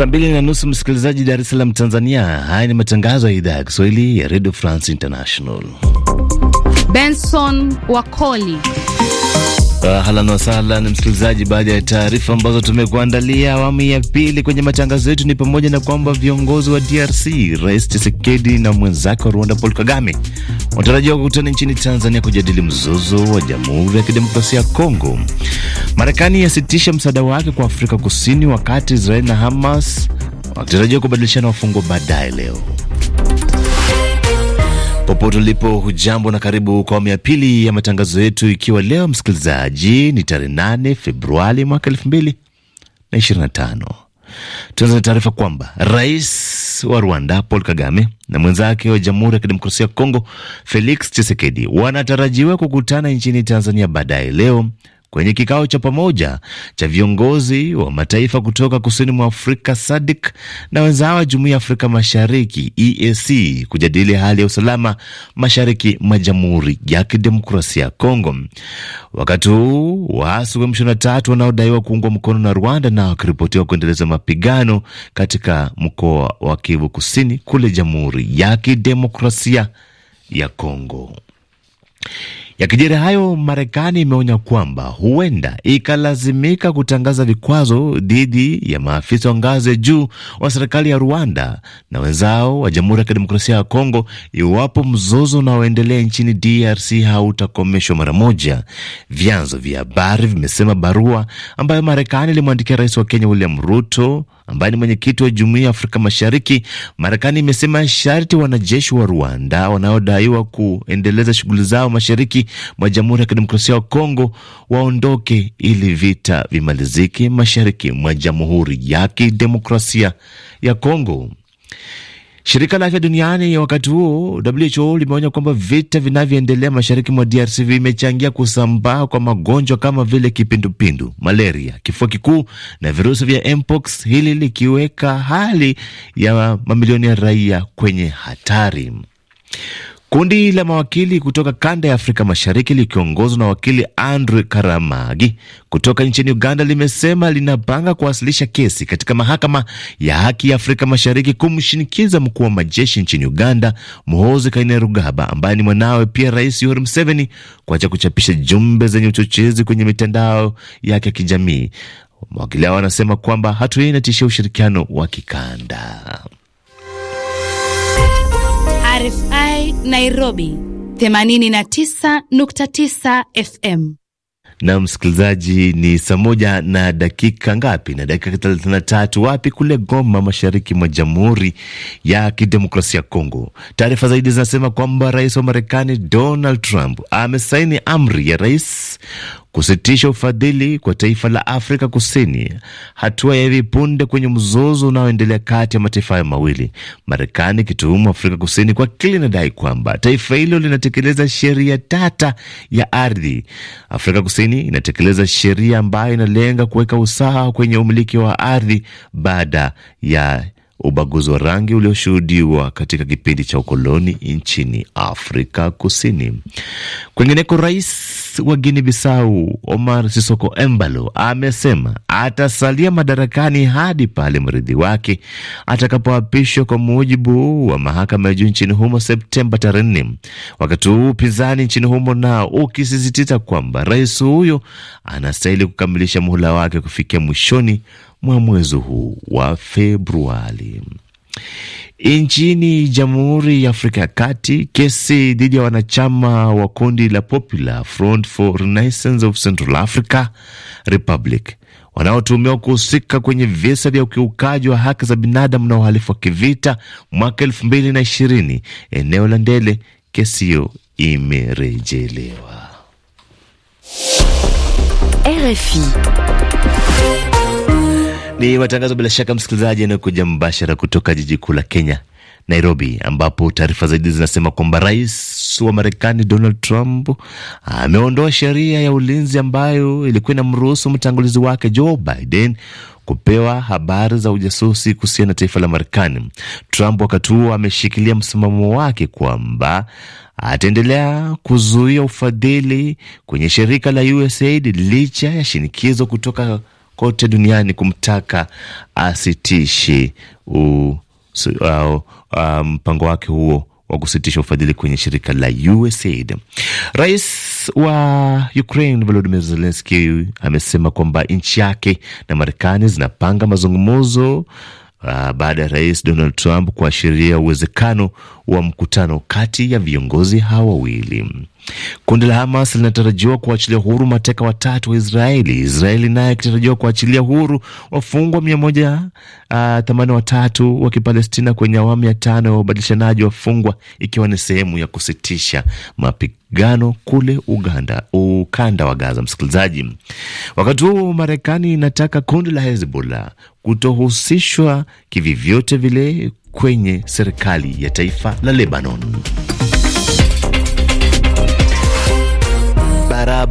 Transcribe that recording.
Saa mbili na nusu msikilizaji Dar es Salaam, Tanzania. Haya ni matangazo ya idhaa ya Kiswahili ya Radio France International. Benson Wakoli Ah, ahlan wasahlan msikilizaji, baada ya taarifa ambazo tumekuandalia awamu ya pili kwenye matangazo yetu ni pamoja na kwamba viongozi wa DRC Rais Tshisekedi na mwenzake wa Rwanda Paul Kagame wanatarajiwa kukutana nchini Tanzania kujadili mzozo wa Jamhuri ya Kidemokrasia ya Kongo. Marekani yasitisha msaada wake kwa Afrika Kusini, wakati Israel na Hamas wanatarajiwa kubadilishana wafungwa baadaye leo popote ulipo, hujambo na karibu kwa awamu ya pili ya matangazo yetu, ikiwa leo msikilizaji ni tarehe 8 Februari mwaka 2025. Tuanza na taarifa kwamba rais wa Rwanda Paul Kagame na mwenzake wa Jamhuri ya Kidemokrasia ya Kongo Felix Tshisekedi wanatarajiwa kukutana nchini Tanzania baadaye leo kwenye kikao cha pamoja cha viongozi wa mataifa kutoka kusini mwa Afrika SADC na wenzao wa Jumuiya ya Afrika Mashariki EAC kujadili hali ya usalama mashariki mwa Jamhuri ya Kidemokrasia ya Kongo. Wakati huu waasi wa M23 wanaodaiwa kuungwa mkono na Rwanda na wakiripotiwa kuendeleza mapigano katika mkoa wa Kivu Kusini kule Jamhuri ya Kidemokrasia ya Kongo. Yakijiri hayo, Marekani imeonya kwamba huenda ikalazimika kutangaza vikwazo dhidi ya maafisa wa ngazi ya juu wa serikali ya Rwanda na wenzao wa Jamhuri ya Kidemokrasia ya Kongo iwapo mzozo unaoendelea nchini DRC hautakomeshwa mara moja. Vyanzo vya habari vimesema barua ambayo Marekani ilimwandikia rais wa Kenya William Ruto ambaye ni mwenyekiti wa Jumuiya ya Afrika Mashariki, Marekani imesema sharti wanajeshi wa Rwanda wanaodaiwa kuendeleza shughuli zao mashariki mwa Jamhuri ya Kidemokrasia ya Kongo waondoke ili vita vimalizike mashariki mwa Jamhuri ya Kidemokrasia ya Kongo. Shirika la afya duniani wakati huo WHO limeonya kwamba vita vinavyoendelea mashariki mwa DRC vimechangia kusambaa kwa magonjwa kama vile kipindupindu, malaria, kifua kikuu na virusi vya mpox, hili likiweka hali ya mamilioni ya raia kwenye hatari. Kundi la mawakili kutoka kanda ya Afrika Mashariki likiongozwa na wakili Andrew Karamagi kutoka nchini Uganda limesema linapanga kuwasilisha kesi katika mahakama ya haki ya Afrika Mashariki kumshinikiza mkuu wa majeshi nchini Uganda Muhoozi Kainerugaba, ambaye ni mwanawe pia Rais Yoweri Museveni, kuacha kuchapisha jumbe zenye uchochezi kwenye mitandao yake ya kijamii. Mawakili hao wanasema kwamba hatua hii inatishia ushirikiano wa kikanda. RFI Nairobi 89.9 FM. Na msikilizaji, ni saa moja na dakika ngapi? Na dakika thelathini na tatu wapi? Kule Goma, mashariki mwa Jamhuri ya Kidemokrasia ya Kongo. Taarifa zaidi zinasema kwamba rais wa Marekani Donald Trump amesaini amri ya rais kusitisha ufadhili kwa taifa la Afrika Kusini, hatua ya hivi punde kwenye mzozo unaoendelea kati ya mataifa hayo mawili, Marekani ikituhumu Afrika Kusini kwa kile inadai kwamba taifa hilo linatekeleza sheria tata ya ardhi. Afrika Kusini inatekeleza sheria ambayo inalenga kuweka usawa kwenye umiliki wa ardhi baada ya ubaguzi wa rangi ulioshuhudiwa katika kipindi cha ukoloni nchini Afrika Kusini. Kwingineko, rais wa Guinea Bissau Omar Sisoko Embalo amesema atasalia madarakani hadi pale mrithi wake atakapoapishwa kwa mujibu wa mahakama ya juu nchini humo Septemba tarehe nne, wakati huu upinzani nchini humo nao ukisisitiza kwamba rais huyo anastahili kukamilisha muhula wake kufikia mwishoni mwa mwezi huu wa Februari. Nchini Jamhuri ya Afrika ya Kati, kesi dhidi ya wanachama wa kundi la Popular Front for Renaissance of Central Africa Republic wanaotuhumiwa kuhusika kwenye visa vya ukiukaji wa haki za binadamu na uhalifu wa kivita mwaka elfu mbili na ishirini eneo la Ndele, kesi hiyo imerejelewa. RFI ni matangazo bila shaka, msikilizaji, yanayokuja mbashara kutoka jiji kuu la Kenya, Nairobi, ambapo taarifa zaidi zinasema kwamba rais wa Marekani Donald Trump ameondoa sheria ya ulinzi ambayo ilikuwa inamruhusu mtangulizi wake Joe Biden kupewa habari za ujasusi kuhusiana na taifa la Marekani. Trump wakati huo ameshikilia msimamo wake kwamba ataendelea kuzuia ufadhili kwenye shirika la USAID licha ya shinikizo kutoka kote duniani kumtaka asitishe mpango um, wake huo wa kusitisha ufadhili kwenye shirika la USAID. Rais wa Ukraine Volodymyr Zelensky amesema kwamba nchi yake na Marekani zinapanga mazungumzo Uh, baada ya Rais Donald Trump kuashiria uwezekano wa mkutano kati ya viongozi hawa wawili. Kundi la Hamas linatarajiwa kuachilia huru mateka watatu wa Israeli, Israeli naye ikitarajiwa kuachilia huru wafungwa mia moja ah, wa Kipalestina kwenye awamu ya tano ya ubadilishanaji wafungwa, ikiwa ni sehemu ya kusitisha mapigano kule Uganda, ukanda wa Gaza. Msikilizaji, wakati huo Marekani inataka kundi la Hezbollah kutohusishwa kivivyote vile kwenye serikali ya taifa la Lebanon. haraba